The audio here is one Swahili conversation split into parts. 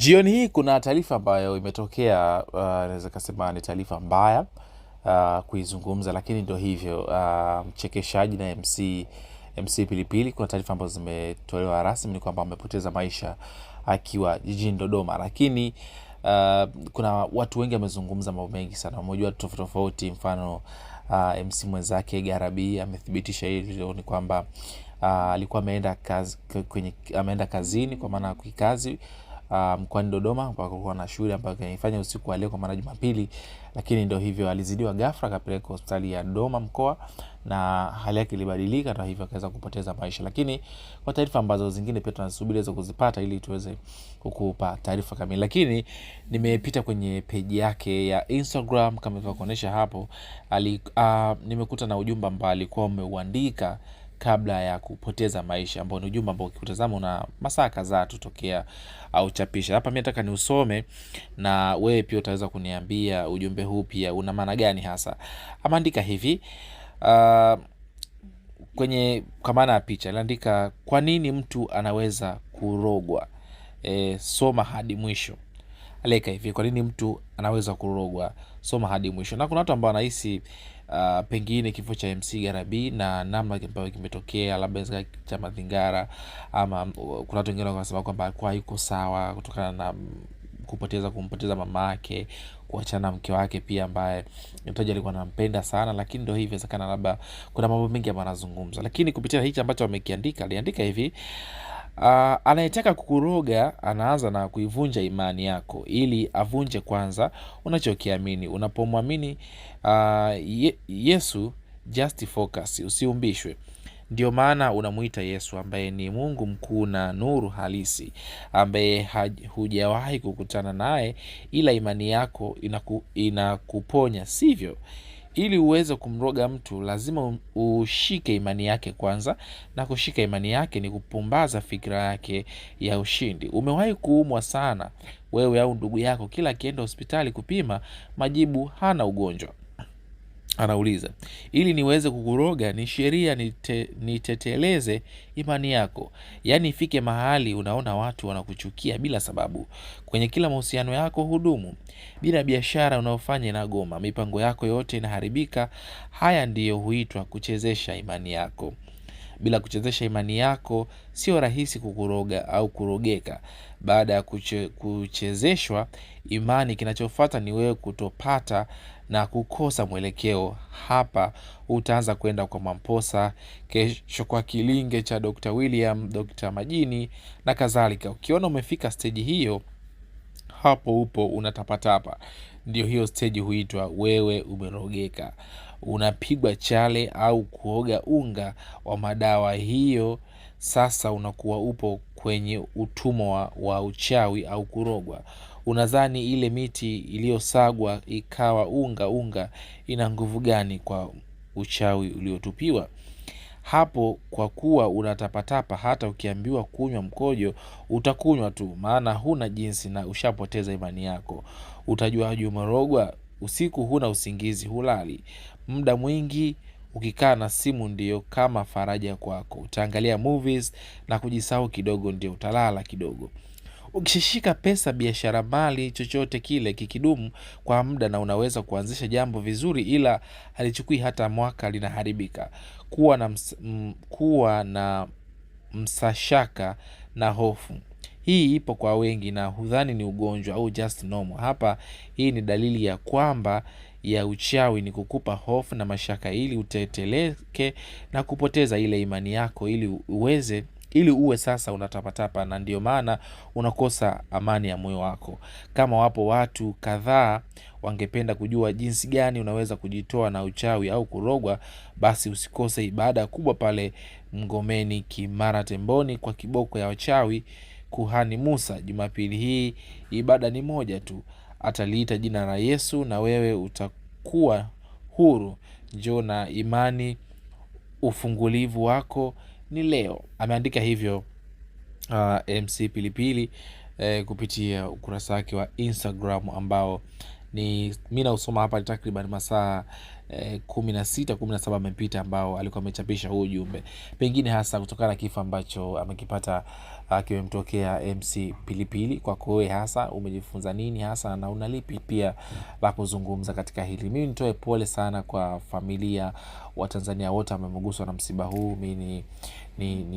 Jioni hii kuna taarifa ambayo imetokea, uh, naweza uh, kasema ni taarifa mbaya uh, kuizungumza, lakini ndio hivyo. Uh, mchekeshaji na MC MC Pilipili, kuna taarifa ambazo zimetolewa rasmi, ni kwamba amepoteza maisha akiwa jijini Dodoma, lakini uh, kuna watu wengi wamezungumza mambo mengi sana, mmoja watu tofauti tofauti, mfano uh, MC mwenzake Garabi amethibitisha hilo ni kwamba uh, alikuwa ameenda kaz, kwenye ameenda kazini kwa maana ya kikazi mkoani um, Dodoma ambako kulikuwa na shughuli ambayo kaifanya usiku wa leo kwa maana Jumapili, lakini ndio hivyo, alizidiwa ghafla akapelekwa hospitali ya Dodoma mkoa na hali yake ilibadilika, na hivyo akaweza kupoteza maisha. Lakini kwa taarifa ambazo zingine pia tunasubiri aweze kuzipata ili tuweze kukupa taarifa kamili, lakini nimepita kwenye peji yake ya Instagram kama ilivyokuonyesha hapo ali, uh, nimekuta na ujumbe ambao alikuwa umeuandika kabla ya kupoteza maisha, ambao ni ujumbe ambao ukikutazama una masaa kadhaa tutokea au chapisha. Hapa mi nataka niusome na wewe pia utaweza kuniambia ujumbe huu pia una maana gani hasa. Ameandika hivi uh, kwenye kwa maana ya picha aliandika, kwa nini mtu anaweza kurogwa? E, soma hadi mwisho. Aliweka hivi, kwa nini mtu anaweza kurogwa? Soma hadi mwisho. Na kuna watu ambao wanahisi uh, pengine kifo cha MC Garabi na namna ambayo kimetokea, labda inaweza cha madhingara, ama uh, kuna watu wengine wanasema kwamba alikuwa yuko sawa kutokana na kupoteza kumpoteza mama yake, kuachana na mke wake pia, ambaye mtaji alikuwa anampenda sana, lakini ndio hivi, inawezekana labda kuna mambo mengi ambayo anazungumza, lakini kupitia hichi ambacho amekiandika, aliandika hivi Uh, anayetaka kukuroga anaanza na kuivunja imani yako ili avunje kwanza unachokiamini. Unapomwamini uh, ye, Yesu, just focus, usiumbishwe. Ndio maana unamuita Yesu ambaye ni Mungu mkuu na nuru halisi, ambaye hujawahi kukutana naye, ila imani yako inaku, inakuponya, sivyo? Ili uweze kumroga mtu lazima ushike imani yake kwanza, na kushika imani yake ni kupumbaza fikira yake ya ushindi. Umewahi kuumwa sana wewe au ndugu yako, kila akienda hospitali kupima majibu hana ugonjwa anauliza ili niweze kukuroga ni sheria nite, niteteleze imani yako, yaani ifike mahali unaona watu wanakuchukia bila sababu. Kwenye kila mahusiano yako hudumu, bila biashara unayofanya inagoma, mipango yako yote inaharibika. Haya ndiyo huitwa kuchezesha imani yako bila kuchezesha imani yako sio rahisi kukuroga au kurogeka. Baada ya kuche, kuchezeshwa imani, kinachofata ni wewe kutopata na kukosa mwelekeo. Hapa utaanza kwenda kwa Mamposa, kesho kwa Kilinge cha Dr. William, Dr. Majini na kadhalika. Ukiona umefika steji hiyo, hapo upo unatapatapa, ndio hiyo steji huitwa wewe umerogeka unapigwa chale au kuoga unga wa madawa hiyo, sasa unakuwa upo kwenye utumwa wa uchawi au kurogwa. Unadhani ile miti iliyosagwa ikawa unga unga ina nguvu gani kwa uchawi uliotupiwa hapo? Kwa kuwa unatapatapa, hata ukiambiwa kunywa mkojo utakunywa tu, maana huna jinsi na ushapoteza imani yako. utajuaji umerogwa? Usiku huna usingizi, hulali muda mwingi ukikaa na simu ndio kama faraja kwako, utaangalia movies na kujisahau kidogo, ndio utalala kidogo. ukishishika pesa, biashara, mali, chochote kile kikidumu kwa muda na unaweza kuanzisha jambo vizuri, ila halichukui hata mwaka linaharibika. Kuwa na kuwa na msashaka na hofu hii ipo kwa wengi na hudhani ni ugonjwa au just normal. Hapa hii ni dalili ya kwamba ya uchawi ni kukupa hofu na mashaka ili uteteleke na kupoteza ile imani yako ili uweze ili uwe sasa unatapatapa, na ndio maana unakosa amani ya moyo wako. Kama wapo watu kadhaa wangependa kujua jinsi gani unaweza kujitoa na uchawi au kurogwa, basi usikose ibada kubwa pale Mgomeni Kimara Temboni kwa kiboko ya wachawi Kuhani Musa Jumapili hii. Ibada ni moja tu, ataliita jina la Yesu na wewe utakuwa huru. Njoo na imani, ufungulivu wako ni leo. Ameandika hivyo uh, MC Pilipili eh, kupitia ukurasa wake wa Instagram ambao ni mi nausoma hapa takriban masaa eh, kumi na sita kumi na saba amepita ambao alikuwa amechapisha huu ujumbe, pengine hasa kutokana na kifo ambacho amekipata ah, kimemtokea MC Pilipili. Kwako wewe hasa umejifunza nini hasa na unalipi pia la kuzungumza katika hili? Mimi nitoe pole sana kwa familia wa Tanzania wote wameguswa na msiba huu. Mi ni niwatakie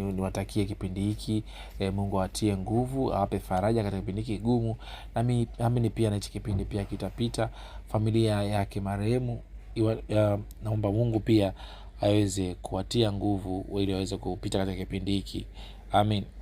ni, ni, ni, ni kipindi hiki e, Mungu awatie nguvu, awape faraja katika kipindi hiki kigumu, nami naamini pia na hichi kipindi pia kitapita familia yake marehemu. Naomba Mungu pia aweze kuwatia nguvu ili waweze kupita katika kipindi hiki. Amin.